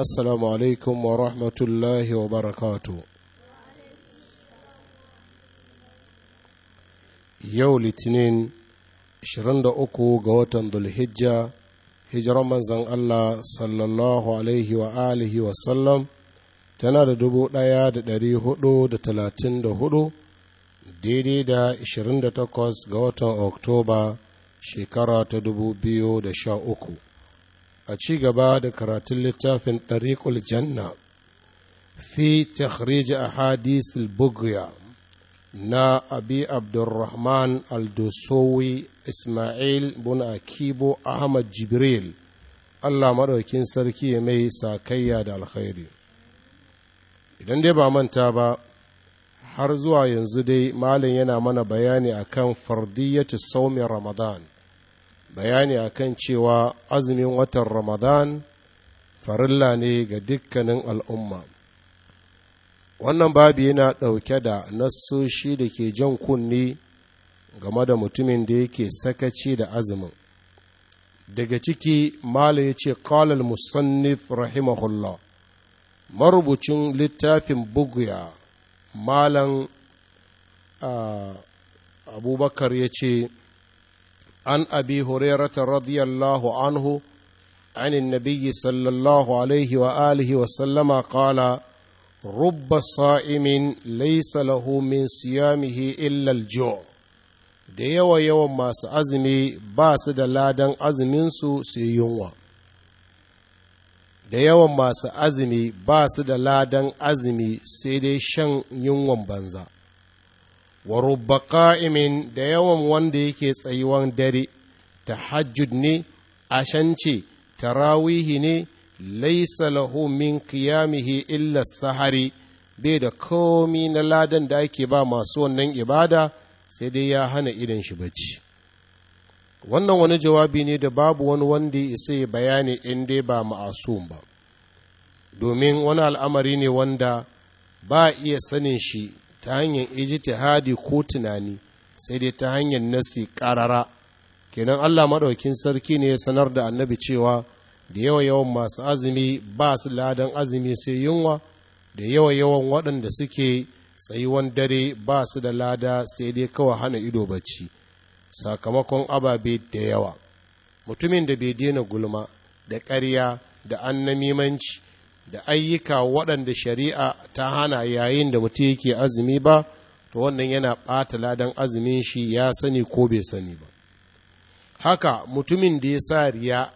assalamu alaikum wa rahmatullahi wa barakatu yau litinin 23 ga watan dulhijja hijiran manzan Allah sallallahu alaihi wa alihi wa sallam tana da dubu ɗaya da dari hudu da talatin da hudu daidai da 28 ga watan oktoba shekara ta dubu biyu da sha uku a ci gaba da karatun littafin tariqul janna fi takhrij ahadith al na abi abdurrahman al isma'il bin akibo ahmad jibril allah maɗaukin sarki ya mai sakayya da alkhairi idan dai ba manta ba har zuwa yanzu dai malin yana mana bayani akan fardiyyatu saumin ramadan bayani akan cewa azumin watan ramadan farilla ne ga dukkanin al'umma wannan babu yana ɗauke da nassoshi da ke jan kunni game da mutumin da yake sakaci da azumin daga ciki mala ya ce kalal musannif rahimahullah marubucin littafin buguya malan ah, abubakar ya ce عن أبي هريرة رضي الله عنه عن النبي صلى الله عليه وآله وسلم قال رب صائم ليس له من صيامه إلا الجوع da yawa yawan masu azumi ba su da ladan azuminsu su yi yunwa da yawan masu azumi ba su da ladan azumi sai dai shan yunwan banza wa rubba ƙa'imin da yawan wanda yake tsayuwan dare tahajjud ne ashanci tarawihi ne laisa lahu min qiyamihi illa sahari bai da komi na ladan da ake ba masu wannan ibada sai dai ya hana irin shi bacci wannan wani jawabi ne da babu wani wanda ya isa ya bayani in dai ba ma'asum ba domin wani al'amari ne wanda ba iya sanin shi ta hanyar ijtihadi ko tunani sai dai ta hanyar nasi karara kenan Allah maɗaukin sarki ne ya sanar da annabi cewa da yawa yawan masu azumi ba su ladan azumi sai yunwa da yawa yawan waɗanda suke tsayuwan dare ba su da lada sai dai kawai hana ido bacci sakamakon ababe da yawa mutumin da bai daina gulma da ƙarya da annamimanci da ayyuka waɗanda shari'a ta hana yayin da mutum yake azumi ba to wannan yana ɓata ladan azumin shi ya sani ko bai sani ba haka mutumin da ya sa riya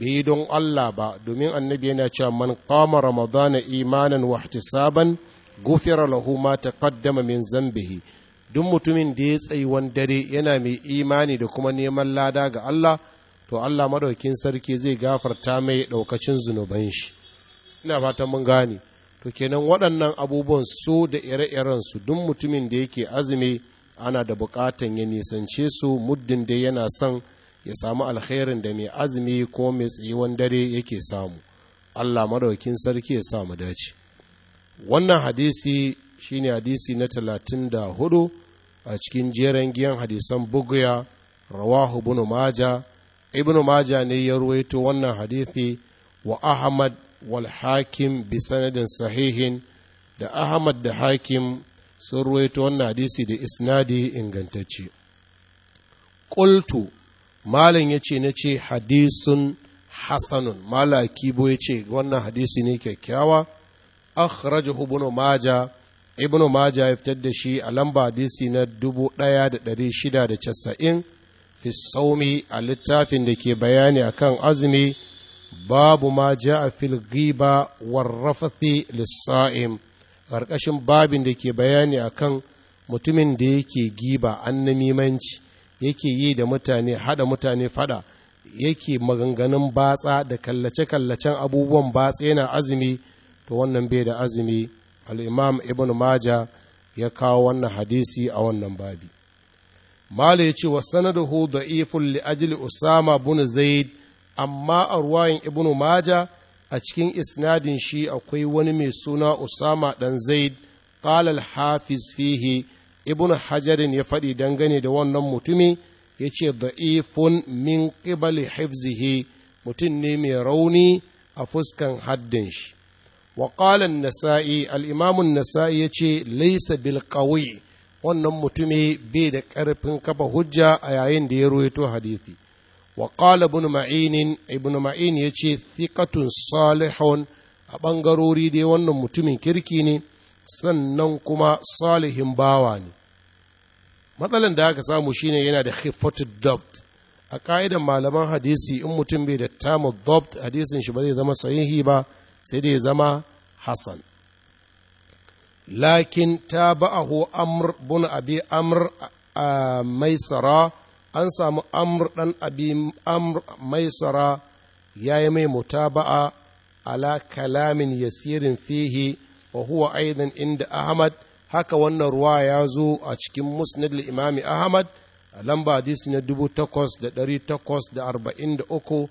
bai yi don Allah ba domin annabi yana cewa man qama ramadana imanan wa ihtisaban gufira lahu ma taqaddama min zambihi duk mutumin da ya tsayi wani dare yana mai imani da kuma neman lada ga Allah to Allah madaukin sarki zai gafarta mai daukacin zunuban shi ina fatan mun gane to kenan waɗannan abubuwan su da ire-iren su duk mutumin da yake azumi ana da buƙatan ya nisance su muddin da yana son ya samu alkhairin da mai azumi ko mai tsayuwan dare yake samu Allah madaukin sarki ya samu mu dace wannan hadisi shine hadisi na talatin da hudu a cikin jeren giyan hadisan buguya rawahu ibn maja ibn maja ne ya ruwaito wannan hadisi wa ahmad Walhakim hakim sahihin da ahmad da hakim sun ruwaito wannan hadisi da isnadi ingantacce qultu malam yace nace hadisin hasanun malaki bo yace wannan hadisi ne kyakkyawa akhrajahu ibn maja ibn maja ya fitar da shi a lamba hadisi na 1690 fi saumi a littafin da ke bayani a kan azumi babu ma ja a fil والرفث للصائم rafathi lissa'im babin da ke bayani a kan mutumin da yake giba annamimanci yake yi da mutane hada mutane fada yake maganganun batsa da kallace-kallacen abubuwan batsa yana azumi to wannan bai da azumi al'imam ibn maja ya kawo wannan hadisi a wannan babi mala ya ce wa li da ifin usama bin zaid amma a ruwayin ibnu maja a cikin isnadin shi akwai wani mai suna usama dan zaid qala hafiz fihi ibnu hajarin ya faɗi dangane da wannan mutumi ya ce da'ifun min qibali hifzihi mutum ne mai rauni a fuskan haddin shi wa qala nasai al-imam nasai ya ce laysa bil wannan mutumi bai da ƙarfin kafa hujja a yayin da ya ruwaito hadithi wa qala ibn ma'in ibn ma'in yace thiqatun salihun a bangarori dai wannan mutumin kirki ne sannan kuma salihin bawa ne matsalan da aka samu shine yana da khiffatud dabt a ka'idan malaman hadisi in mutum bai da tamu dabt hadisin shi ba zai zama sahihi ba sai dai zama hasan lakin tabahu amr bin abi amr maisara an samu amr ɗan abi amr maisara ya yi mai mutaba'a ala kalamin yasirin fihi wa huwa aidan inda ahmad haka wannan ruwa ya zo a cikin musnad imami ahmad a lamba hadisi na 8843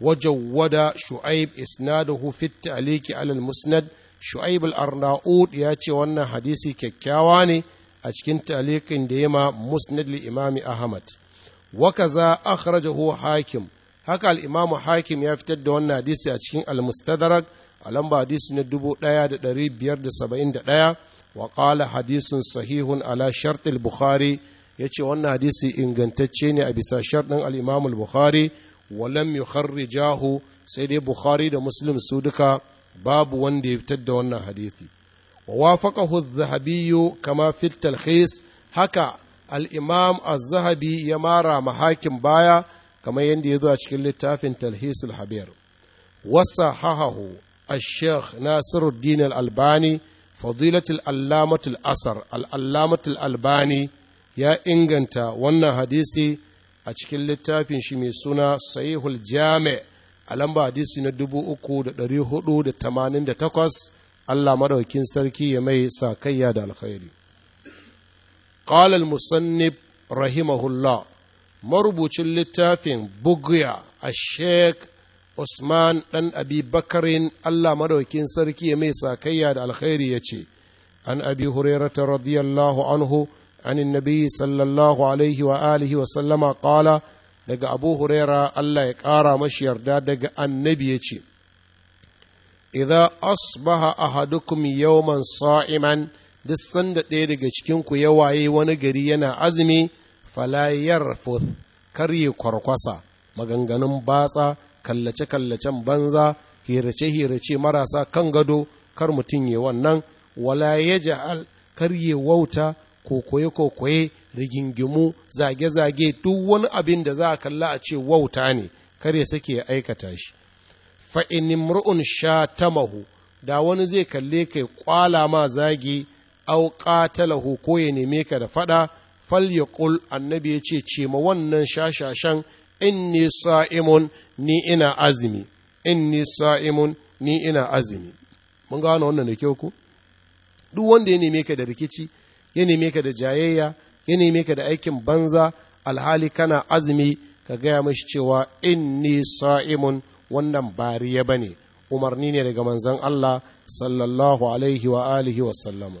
wajawwada shu'aib isnaduhu fi ta'liqi alal musnad shu'aib al-arnaud ya ce wannan hadisi kyakkyawa ne a cikin talikin da yima musnad imami ahmad wa kaza akhrajahu hakim haka al hakim ya fitar da wannan hadisi a cikin al-mustadrak a lamba hadisi na 1571 wa qala hadisun sahihun ala shart al-bukhari yace wannan hadisi ingantacce ne a bisa shartin al-imam al-bukhari wa lam yukharrijahu sai dai bukhari da muslim su duka babu wanda ya fitar da wannan hadisi ووافقه الذهبي كما في التلخيص هكا الإمام الذهبي يمارى محاكم بايا كما يندي يدو في تلخيص الحبير وصححه الشيخ ناصر الدين الألباني فضيلة الألامة الأثر الألامة الألباني يا إنجنتا وانا حديثي أشكل لتافين شمي سنة صحيح الجامع ألم حديثي ندبو أكو دريه دا تمانين دا تقص Allah maɗaukin sarki ya mai sakayya da alkhairi qala al-musannif rahimahullah marubucin littafin bugya a sheikh usman ɗan abi bakarin Allah maɗaukin sarki ya mai sakayya da alkhairi ya ce an abi hurairata radiyallahu anhu عن sallallahu alaihi wa عليه wa sallama ƙala daga abu huraira Allah ya ƙara mashi yarda daga annabi ya ce idza asbaha ahadukum yawman sa'iman duk sanda ɗaya daga cikin ku ya waye wani gari yana azumi fala yarfuth karye kwarkwasa maganganun batsa kallace kallacen banza hirace hirace marasa kan gado kar mutum ya wannan wala yaj'al karye wauta kokoye kokoye rigingimu zage zage duk wani abin da za a kalla a ce wauta ne kar ya sake aikata shi fa ta shatamahu da wani zai kalle kai kwala ma zagi au qatalahu ko ya neme ka da faɗa fal ya yaqul annabi ya ce ce ma wannan shashashan ni sa'imun ni ina azumi ni sa'imun ni ina azumi mun gano wannan da kyau ku duk wanda ya neme ka da rikici ya neme ka da jayayya ya neme ka da aikin banza alhali kana azumi ka gaya mashi cewa in ni sa'imun wannan bariya ba ne umarni ne daga manzan Allah sallallahu alaihi wa alihi wa sallama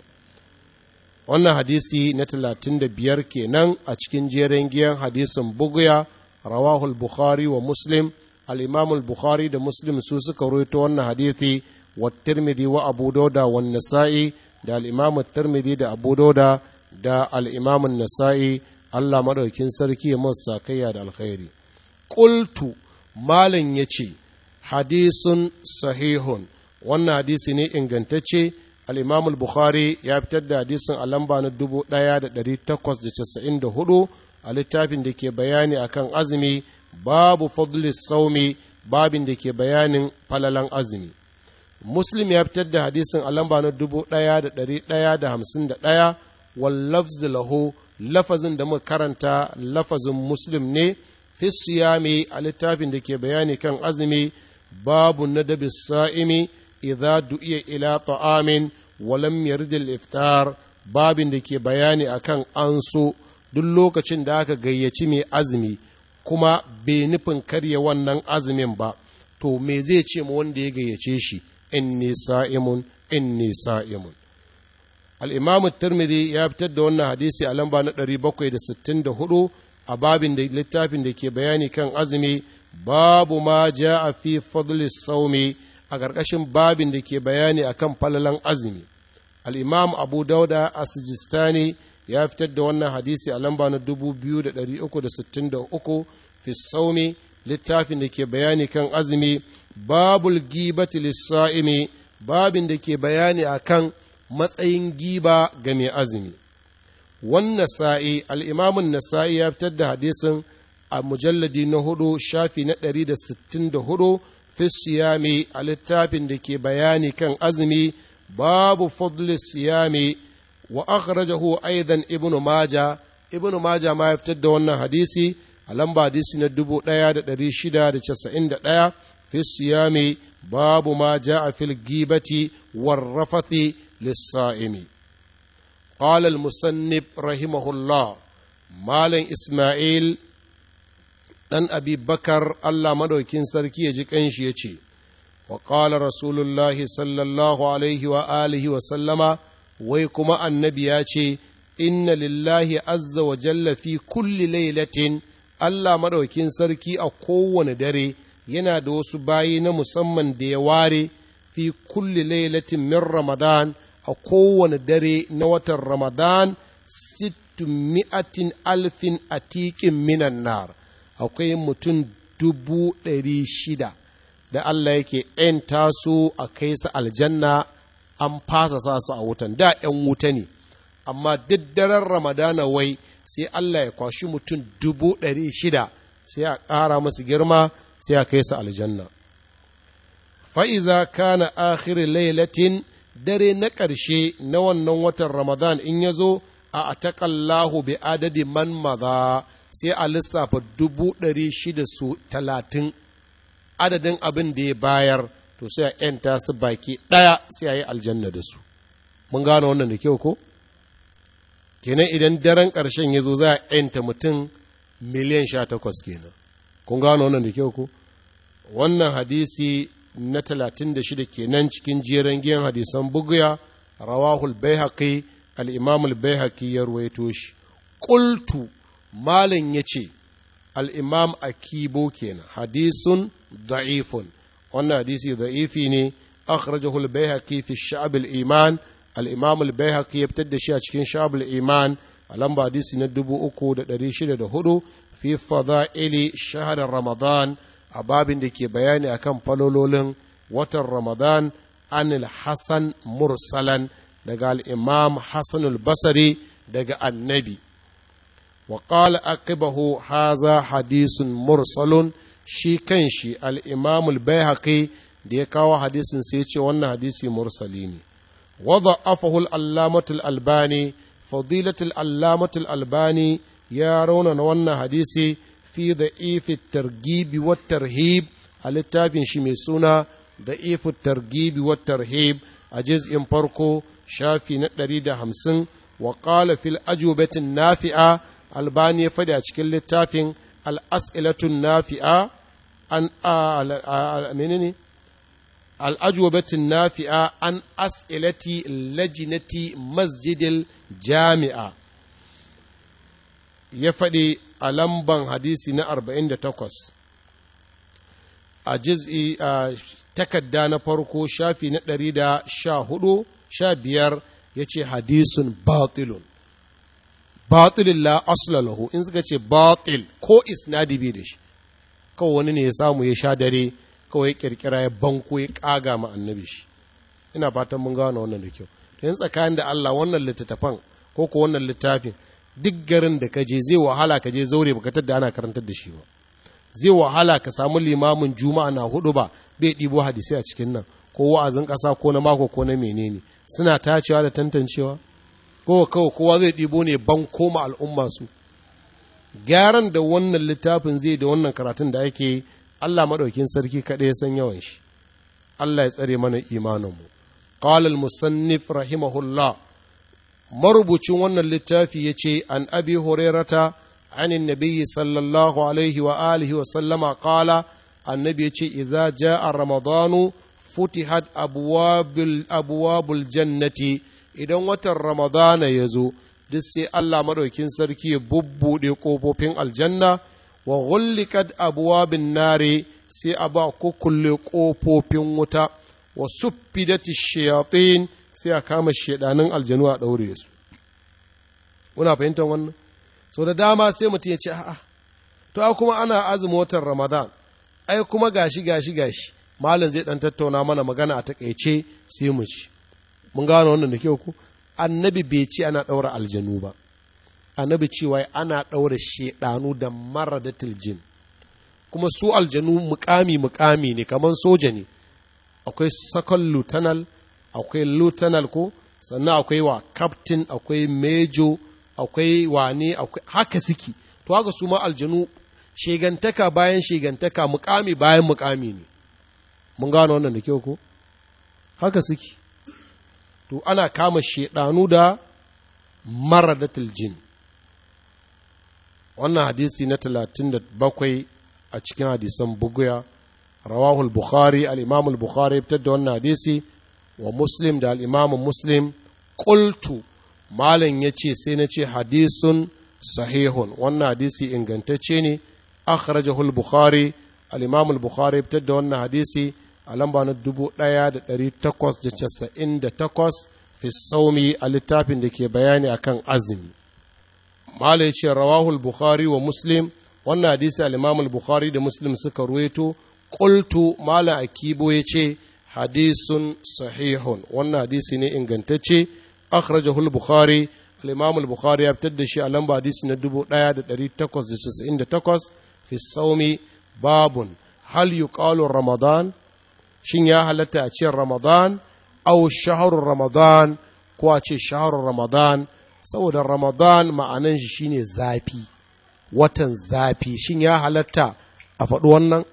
wannan hadisi na talatin da biyar kenan a cikin jerin giyan hadisin buguya rawahul bukhari wa muslim al’imamul bukhari da muslim su suka ruwaito wannan hadisi wa tirmidhi wa abu doda wa nasa'i da al-imamu da abu doda da al'imamin Nisa'i. nasa'i Allah maɗaukin sarki ya musa kayya da alkhairi malin malam ce. hadisun sahihun wannan hadisi ne ingantacce al al-bukhari ya fitar da hadisun a lamba na 1894 a littafin da ke bayani akan azumi babu fadli saumi babin da ke bayanin falalan azumi muslim ya fitar da hadisin a lamba na 1151 wallafzi lahu lafazin da muka karanta lafazin muslim ne fi siyami a littafin da ke bayani kan azumi babu nadabi sa'imi idza du'iya ila ta'amin wa lam yarid al-iftar babin da ke bayani akan an duk lokacin da aka gayyaci mai azumi kuma bai nufin karya wannan azumin ba to me zai ce ma wanda ya gayyace shi inni sa'imun inni sa'imun al-imamu tirmidhi ya fitar da wannan hadisi a lamba na 764 a babin da littafin da ke bayani kan azumi babu ma ja a fi fadlis saumi a ƙarƙashin babin da ke bayani a kan falalan azumi al'imam abu dauda a sijistani ya fitar da wannan hadisi a lamba na 2363 fi saumi littafin da ke bayani kan azumi babul gibati lissa'imi babin da ke bayani a kan matsayin giba ga mai azumi wannan sa'i al'imamun nasa'i ya fitar da hadisin a mujalladi na hudu shafi na ɗari da sittin da hudu fi siyami a littafin da ke bayani kan azumi babu fadli siyami wa akhrajahu aidan ibnu maja ibnu maja ma ya fitar da wannan hadisi a lamba hadisi na dubu ɗaya da ɗari shida da casa'in da ɗaya fi siyami babu ma ja'a fil gibati war rafathi lissa'imi قال المصنف رحمه الله مالا إسماعيل ɗan abi bakar Allah maɗaukin sarki ya ji ƙanshi ya ce, wa ƙala rasulullahi sallallahu alaihi wa alihi wa sallama wai kuma annabi ya ce, inna lillahi azza wa jalla fi kulli lailatin Allah maɗaukin sarki a kowane dare yana da wasu bayi na musamman da ya ware fi kulli lailatin min ramadan a kowane dare na watan ramadan sittu mi'atin alfin atiƙin minan nar. akwai mutum dubu ɗari shida da Allah yake ‘yan taso a kai su aljanna an fasa sa su a wutan da ‘yan wuta ne amma duk daren ramadana wai sai Allah ya kwashi mutum dubu ɗari shida sai a ƙara musu girma sai a kai su aljanna fa'iza kana akhiri lailatin dare na ƙarshe na wannan watan ramadan in ya zo a Atakallahu bi adadi man maza sai a lissafa dubu ɗari shida su talatin adadin abin da ya bayar to sai a ‘yanta su baki ɗaya sai a yi aljanna da su mun gano wannan da kyau ko kenan idan daren ƙarshen ya zo za a ‘yanta mutum miliyan sha takwas kenan kun gano wannan da kyau ko wannan hadisi na talatin da shida kenan cikin jeren giyan hadisan buguya rawahul bai haƙi al'imamul bai haƙi ya ruwaito shi ƙultu malam ya ce al'imam akibo kenan hadisun da'ifun wannan hadisi da'ifi ne akhrajahu al-baihaqi fi sha'ab iman al-imam al-baihaqi ya fitar da shi a cikin sha'abil iman a lamba hadisi na 3604 fi fada'ili shahar ramadan a babin da ke bayani akan falololin watan ramadan an hasan mursalan daga al-imam hasan al-basri daga annabi wa qala aqibahu haza hadisun mursalun shi kan shi al-imam al-baihaqi da ya kawo hadisin sai ya ce wannan hadisi mursali ne وضعفه العلامة الألباني فضيلة العلامة الألباني يرون أن حديثي في ضعيف الترغيب والترهيب الكتاب شميسونا ضعيف الترغيب والترهيب أجزء فرقو شافي نتريد همسن وقال في الأجوبة النافعة albani ya faɗi a cikin littafin al'as'ilatun nafi'a an menene na nafi'a an as'ilati lajinati masjidil jami'a ya faɗi a lamban hadisi na 48 a jiz'i a takadda na farko shafi na 114 sha biyar ya ce hadisun batilun batilin la asla in suka ce batil ko isnadi bi da shi kawai wani ne ya samu ya sha dare kawai ya kirkira ya banko ya kaga ma annabi shi ina fatan mun gano wannan da kyau to yin tsakanin da Allah wannan littattafan ko ko wannan littafin duk garin da ka je zai wahala ka je zaure baka tadda ana karantar da shi ba zai wahala ka samu limamin juma'a na hudu ba bai ɗibo hadisi a cikin nan ko wa'azin kasa ko na mako ko na menene suna tacewa da tantancewa kowa kawai kowa zai ɗibo ne ban koma al'umma su gyaran da wannan littafin zai da wannan karatun da ake Allah maɗaukin sarki kaɗai ya san yawan shi Allah ya tsare mana imaninmu qala al-musannif rahimahullah marubucin wannan littafi ya ce an abi horerata anin nabiyyi sallallahu alaihi wa alihi wa sallama qala annabi ya ce idza jaa ramadanu futihat abwabul abwabul jannati idan watan ramadana ya zo duk sai Allah maɗaukin sarki ya bubbuɗe ƙofofin aljanna wa ghulliqat abwabin nare sai a ba kukulle ƙofofin wuta wa suffidati shayatin sai a kama shedanin aljanu a ɗaure su kuna fahimtar wannan so da dama sai mutum ya ce a'a to a kuma ana azumin watan ramadan ai kuma gashi gashi gashi malam zai ɗan tattauna mana magana a takaice sai mu ci mun gano wannan da kyau ku annabi bai ce ana ɗaura aljanu ba annabi cewa ana ɗaura shaidanu da maradatil jin kuma su aljanu mukami mukami ne kamar soja ne akwai sakon lieutenant akwai lieutenant ko sannan akwai wa captain akwai major akwai wane akwai haka suke to haka su ma aljanu shegantaka bayan shegantaka mukami bayan mukami ne mun gano wannan da kyau ko haka suke to ana kama shaidanu da maradatul jin wannan hadisi na talatin a cikin hadisan buguya rawahul bukhari al'imamul bukhari fitar da wannan hadisi wa muslim da al'imamin muslim ƙultu malam ya ce sai na ce hadisun sahihun wannan hadisi ingantacce ne akhrajahu al-bukhari al'imamul bukhari fitar da wannan hadisi a lamba na dubu ɗaya da da da ɗari takwas casa'in takwas fi saumi a littafin da ke bayani a kan azumi malai ce rawahul bukhari wa muslim wannan hadisi al bukhari da muslim suka ruwaito qultu mala akibo ya ce hadisun sahihun wannan hadisi ne ingantacce akhrajahul bukhari al-imam al-bukhari ya fitar da shi a lamba hadisi na dubu ɗaya da da da ɗari takwas takwas fi saumi babun hal yuqalu ramadan shin ya halatta a ce ramadan au shaharun ramadan ko a ce shaharun ramadan saboda ramadan ma'anan shi shine zafi watan zafi shin ya halatta a faɗi wannan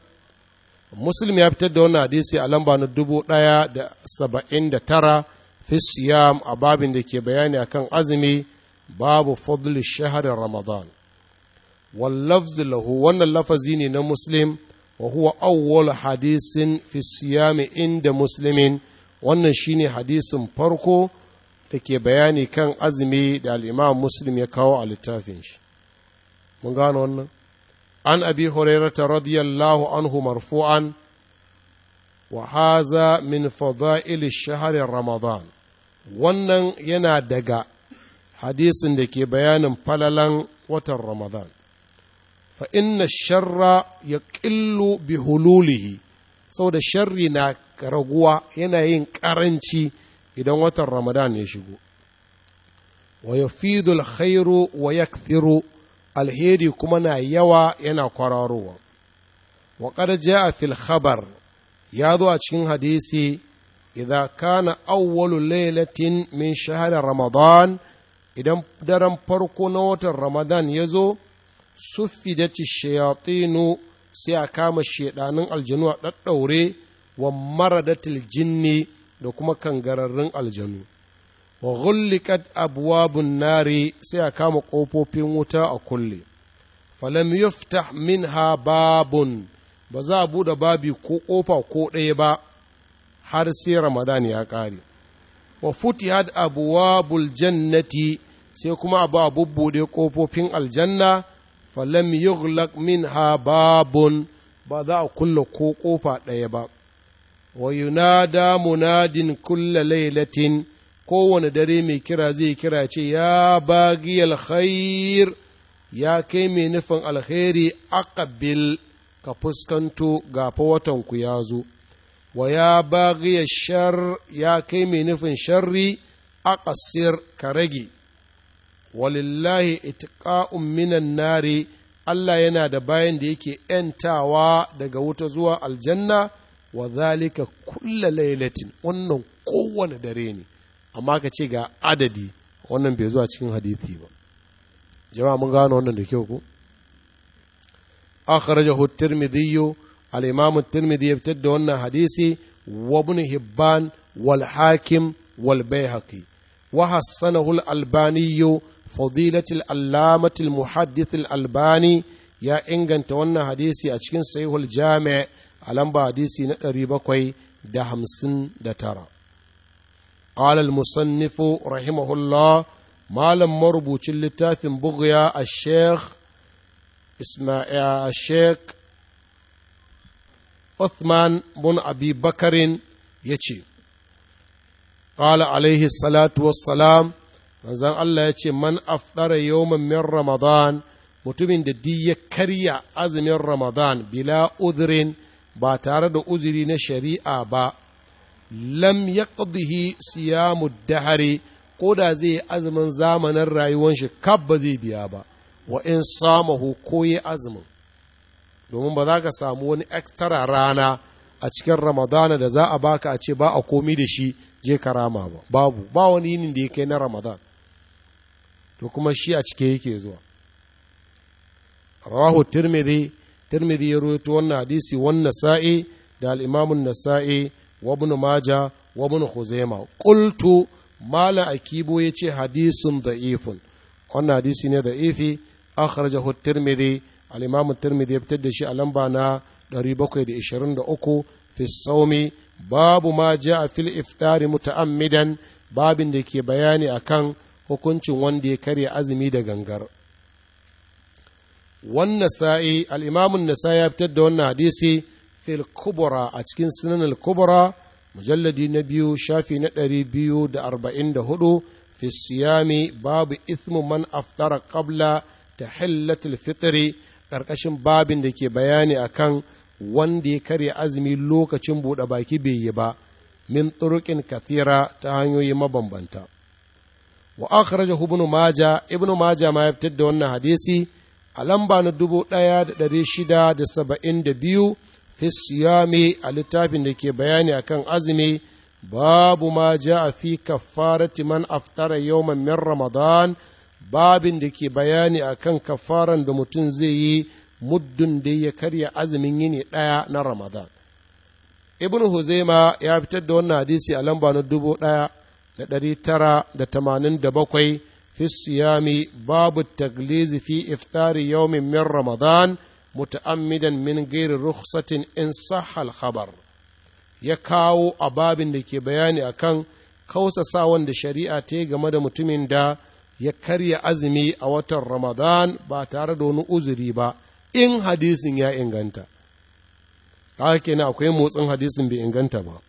muslim ya fitar da wannan hadisi a lamba na dubu ɗaya da saba'in da tara fi siyam a babin da ke bayani akan azumi babu fadli shaharar ramadan wallafzi lahu wannan lafazi ne na muslim Wahuwa huwa awwal hadisin fi siyami inda muslimin wannan shine hadisin farko da ke bayani kan azumi da al'imam muslim ya kawo a littafin shi mun gano wannan an abi hurairata radiyallahu anhu marfu'an wa haza min fada'il shaharin ramadan wannan yana daga hadisin da ke bayanin falalan watan ramadan fa inna sharra ya ƙillu bi hululihi saboda sharri na raguwa yana yin ƙaranci idan watan ramadan ya shigo wa ya dul khairu wa ya alheri kuma na yawa yana kwararowa wa ƙada a fil khabar ya zo a cikin hadisi idza kana awwalu lailatin min shahar ramadan idan daren farko na watan ramadan ya zo suffidati shayatinu sai a kama shedanin aljanu a ɗaɗɗaure wa maradatil jinni da kuma kangararrun aljanu wa ghullikat abwabun nari sai a kama ƙofofin wuta a kulle falam min minha babun ba za a buɗe babi ko ƙofa ko ɗaya ba har sai ramadan ya ƙare wa futihad abwabul jannati sai kuma abu a bubbuɗe ƙofofin aljanna falam min ha babun ba za a kulla ko ƙofa ɗaya ba wa yunada munadin kulla lailatin kowane dare mai kira zai kira ce ya bagi alkhair ya kai mai nufin alkhairi aqbil ka fuskanto gafa watan ku ya zo wa ya bagi shar ya kai mai nufin sharri aqsir ka rage walillahi itqa'un minan nari Allah yana da bayan da yake ‘yantawa daga wuta zuwa aljanna wa zalika kulla laylatin wannan kowane dare ne amma ka ce ga adadi wannan bai zuwa cikin hadithi ba jama'a mun gano wannan da kyau ko akhrajahu at-tirmidhi al-imam at-tirmidhi ya fitar da wannan hadisi wa ibn hibban wal hakim wal baihaqi وحسنه الألباني فضيلة العلامة المحدث الألباني يا إنجن تونا حديثي أشكين سيه الجامع ألم حديثي نقري بكوي ده همسن ده ترى قال المصنف رحمه الله malam marubucin littafin buguya a sheikh ismail a sheikh Uthman bin abi bakarin ya ce Kala alaihi salatu wassalam, manzan Allah ya ce, Man afdara yawman min Ramadan, mutumin da duk ya karya azumin Ramadan bila udhrin ba tare da uzuri na shari'a ba, lam ya yaqdihi siyamu dahari ko da zai yi azumin zamanin rayuwar shi kab ba zai biya ba, wa in samahu ko ya azumin. Domin ba za ka samu wani extra rana a cikin ramadana da za a baka a ce ba a komi da shi je karama ba babu ba wani yinin da ya kai na ramadan to kuma shi a cike yake zuwa rahu tirmidhi tirmidhi ya rawaito wannan hadisi wannan sa'i da al-imamun nasa'i wa ibn maja wa ibn khuzaima qultu mala akibo yace hadisun da'ifun wannan hadisi ne da'ifi akhrajahu tirmidhi al-imam tirmidhi ya fitar da shi a lamba na 723 fi saumi babu ma ja a fil iftari muta'ammidan babin da ke bayani akan hukuncin wanda ya karya azumi da gangar wannan sa'i al'imamun nasa ya fitar da wannan hadisi fil kubura a cikin sunan al-kubura mujalladi na biyu shafi na ɗari biyu da arba'in da hudu fi siyami babu ithmu man aftara qabla ta hillatul fitri ƙarƙashin babin da ke bayani akan wanda ya karya azumi lokacin buɗe baki bai yi ba min turuqin kathira ta hanyoyi mabambanta wa akhrajahu ibn maja ibn maja ma ya fitar da wannan hadisi a lamba na dubu ɗaya da ɗari shida da saba'in da biyu fi siyami a littafin da ke bayani akan azumi babu ma ja a fi kafarati man aftara yawman min ramadan babin da ke bayani akan kafaran da mutum zai yi muddin da ya karya azumin yini ɗaya na ramadan ibn huzaima ya fitar da wannan hadisi a lamba na dubu ɗaya da ɗari tara da tamanin da bakwai fi siyami babu taglizi fi iftari yawmin min ramadan muta'ammidan min gairi rukhsatin in sahal khabar ya kawo a babin da ke bayani akan sa wanda shari'a ta yi game da mutumin da ya karya azumi a watan ramadan ba tare da wani uzuri ba in hadisin ya inganta haka kenan akwai motsin hadisin bai inganta ba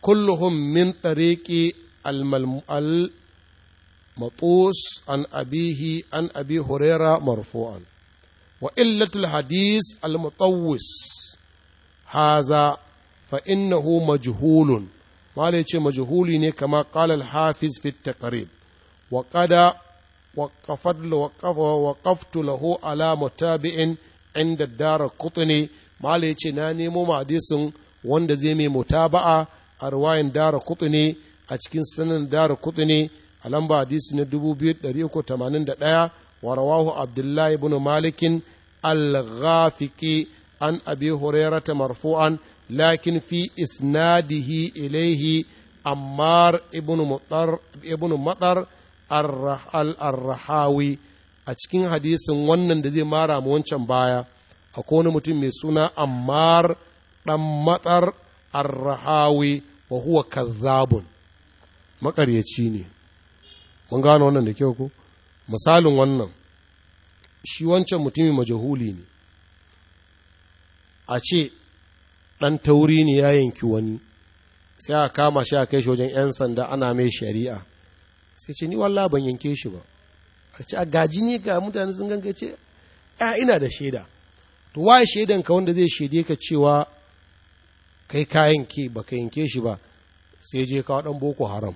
kulluhum min ɗariƙi al matus an abihi an abi huraira marfu'an wa illatul hadis al haza fa innahu majhulun mala yace majhuli ne kama ƙalal hafiz fi taqrib wa ƙada وقفت وقف وقفت له على متابع عند الدار القطني ما ليش ناني مو حديث وند زي مي متابعة أرواي دار القطني أشكين سنن دار القطني ألم حديث ندبو بيت دريوكو تمانين دقايا ورواه عبد الله بن مالك الغافقي عن أبي هريرة مرفوعا لكن في إسناده إليه عمار ابن مطر ابن مطر al-arrahawi a cikin hadisin wannan da zai mara mu wancan baya akwai wani mutum mai suna ammar dan matsar arrahawi wa huwa kazzabun makaryaci ne mun gano wannan da kyau ko misalin wannan shi wancan mutumin majahuli ne a ce ɗan tauri ne ya yanki wani sai a kama shi a kai shi wajen 'yan sanda ana mai shari'a sai ce ni wallah ban yanke shi ba a ce a gaji ne ga mutane sun ganka ce ya ina da shaida to waye shaidan ka wanda zai shaide ka cewa kai ka yanke ba ka yanke shi ba sai je kawo dan boko haram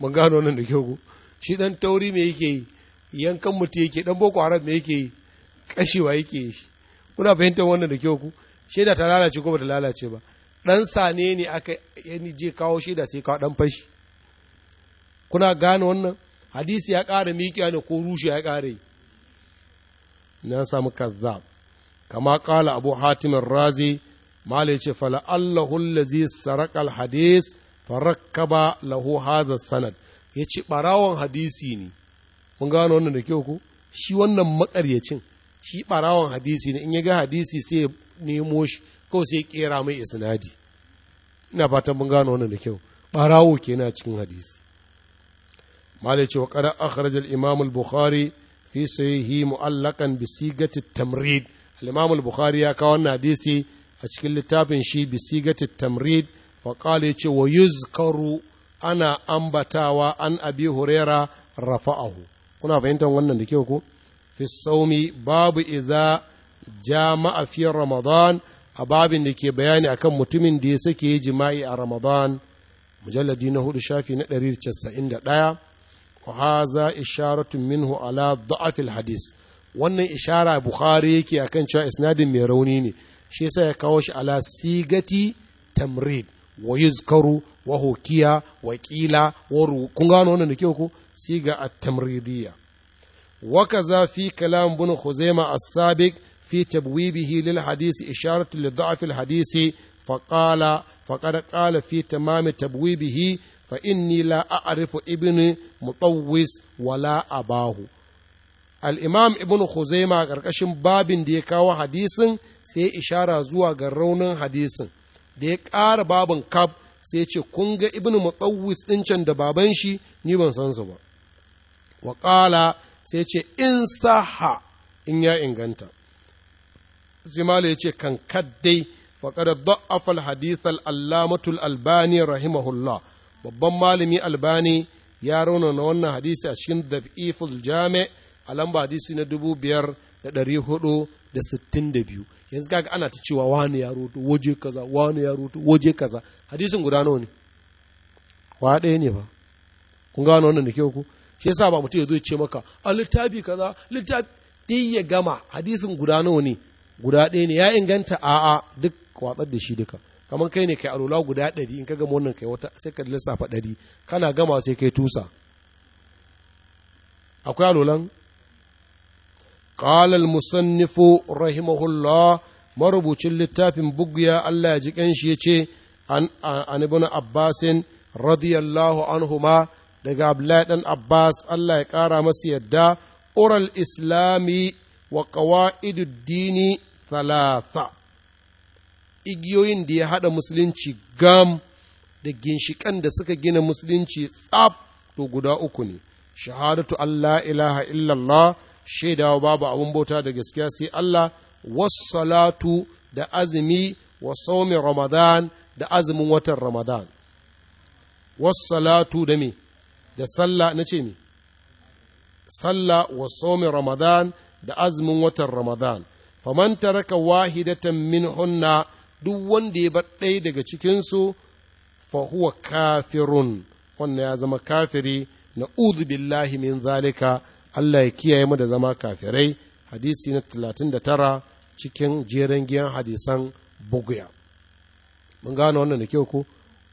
mun gano nan da kyau ko shi dan tauri me yake yi yankan mutu yake dan boko haram me yake yi kashewa yake yi kuna fahimtar wannan da kyau ku shaida ta lalace ko ba ta lalace ba dan sane ne aka yani je kawo shaida sai kawo dan fashi kuna gane wannan hadisi ya ƙara miƙiya ne ko rushe ya ƙare na samu kaza kama kala abu hatimin razi mala ya ce fala allahu lazi sarakal hadis ba lahu hadha sanad ya ce ɓarawon hadisi ne mun gano wannan da kyau ku shi wannan makaryacin shi ɓarawon hadisi ne in ya ga hadisi sai ya nemo shi ko sai ya ƙera mai isnadi ina fatan mun gano wannan da kyau ɓarawo kenan a cikin hadisi mala ce wa qara akhraj al imam al bukhari fi sahihi mu'allaqan bi sigati tamrid imam al bukhari ya kawo wannan hadisi a cikin littafin shi bi sigati tamrid fa ya yace wa yuzkaru ana ambatawa an abi huraira rafa'ahu kuna fahimtar wannan da kyau ko fi babu iza jama'a fi ramadan a babin da ke bayani akan mutumin da ya sake jima'i a ramadan mujalladi na hudu shafi na ɗaya. wa haza isharatun minhu ala da'afil wannan ishara bukhari yake akan cewa isnadin mai rauni ne shi yasa ya kawo shi ala sigati tamrid wa yuzkaru wa hukiya wa kila wa kun gano wannan da ko siga at-tamridiyya wa kaza fi kalam ibn khuzaimah as-sabiq في hadisi للحديث إشارة لضعف الحديث فقال فقد قال في تمام تبويبه fa inni la a'rifu ibnu mutawwis wala abahu al-imam ibnu khuzaima karkashin babin da ya kawo hadisin sai ya ishara zuwa ga raunin hadisin da ya ƙara babin kab sai ce kun ga ibnu mutawwis din can da baban shi ni ban san su ba wa qala sai ce in saha in ya inganta zimala ya ce kan kaddai faƙar da'afal hadithal allamatul albani rahimahullah babban malami albani ya na wannan hadisi a cikin daf'iful jami a lamba hadisi na dubu biyar da ɗari hudu da sittin da biyu yanzu kaga ana ta cewa wani ya roto waje kaza wani ya roto waje kaza hadisin guda nawa ne wa ɗaya ne ba kun gano wannan da kyau ku shi yasa ba mutum ya zo ya ce maka a littafi kaza littafi din ya gama hadisin guda nawa ne guda ɗaya ne ya inganta a'a duk watsar da shi duka kamar kai ne kai alula guda ɗari in ka gama wannan kai wata sai ka lissafa ɗari kana gama sai kai tusa akwai alulan ƙalal musannifu rahimahullah marubucin littafin buguya Allah ya ji ƙanshi ya ce an ibn abbasin radiyallahu anhuma daga abdullahi dan abbas Allah ya ƙara masa yadda ural islami wa ƙawa'idu dini thalatha igiyoyin da ya haɗa musulunci gam da ginshiƙan da suka gina musulunci tsab to guda uku ne shahadatu Allah ilaha illallah shaidawa babu abin bauta da gaskiya sai Allah wassalatu da azumi wa saumi ramadan da azumin watan ramadan wassalatu da me da sallah na ce me sallah wa saumi ramadan da azumin watan ramadan faman taraka wahidatan min hunna duk wanda ya bar ɗaya daga cikinsu fa huwa kafirun wannan ya zama kafiri na uzu billahi min zalika Allah ya kiyaye mu da zama kafirai hadisi na tara cikin jeren giyan hadisan buguya mun gane wannan da kyau ko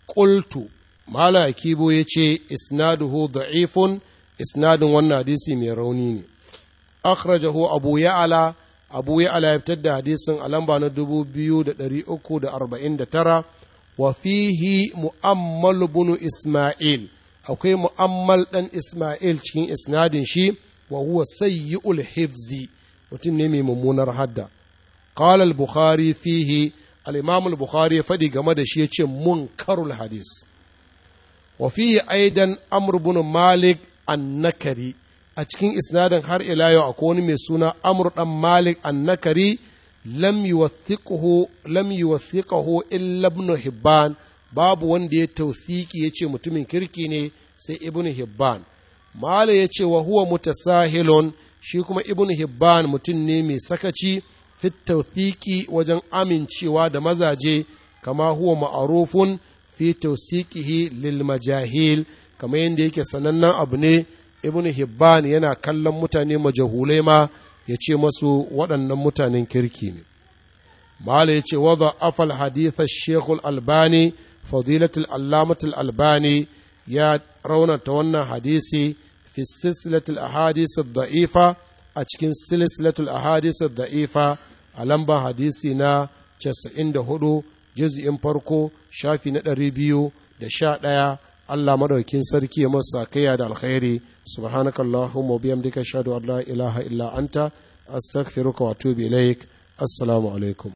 qultu mala akibo yace isnaduhu da'ifun isnadin wannan hadisi mai rauni ne akhrajahu abu ya'ala abu ya alayyatar da hadisin a lamba na dubu biyu da da uku arba'in tara. wa fihi mu'ammal bunu isma'il akwai mu'ammal ɗan isma'il cikin isnadin shi wa huwa sayyi'ul hifzi mutum ne mai mummunar hadda qala al-bukhari fihi al-imam al-bukhari faɗi game da shi yace munkarul hadis wa fihi aidan amr bunu malik an-nakari a cikin isnadin har ila yau akwai wani mai suna amur dan malik annakari lam yuwathiquhu illa ibn hibban babu wanda ya tausiki ya ce mutumin kirki ne sai ibn hibban mala ya ce wa huwa mutasahilun shi kuma ibn hibban mutum ne mai sakaci fit tauthiki wajen amincewa da mazaje kama huwa ma'arufun fi tausikihi lil majahil kamar yadda yake sanannen abu ne ibn hibban yana kallon mutane majahulai ma ya ce masu waɗannan mutanen kirki ne mala ya ce wadda afal haditha shekul albani fadilatul allamatul albani ya raunata wannan hadisi fi silsilatul ahadis da'ifa a cikin silsilatul ahadis da'ifa a lambar hadisi na 94 juz'in farko shafi na biyu da sha ɗaya Allah madaukin sarki ya masa kaiya da alkhairi subhanakallahumma mu biyam ashhadu an la ilaha illa anta astaghfiruka wa atubu ilaik assalamu alaikum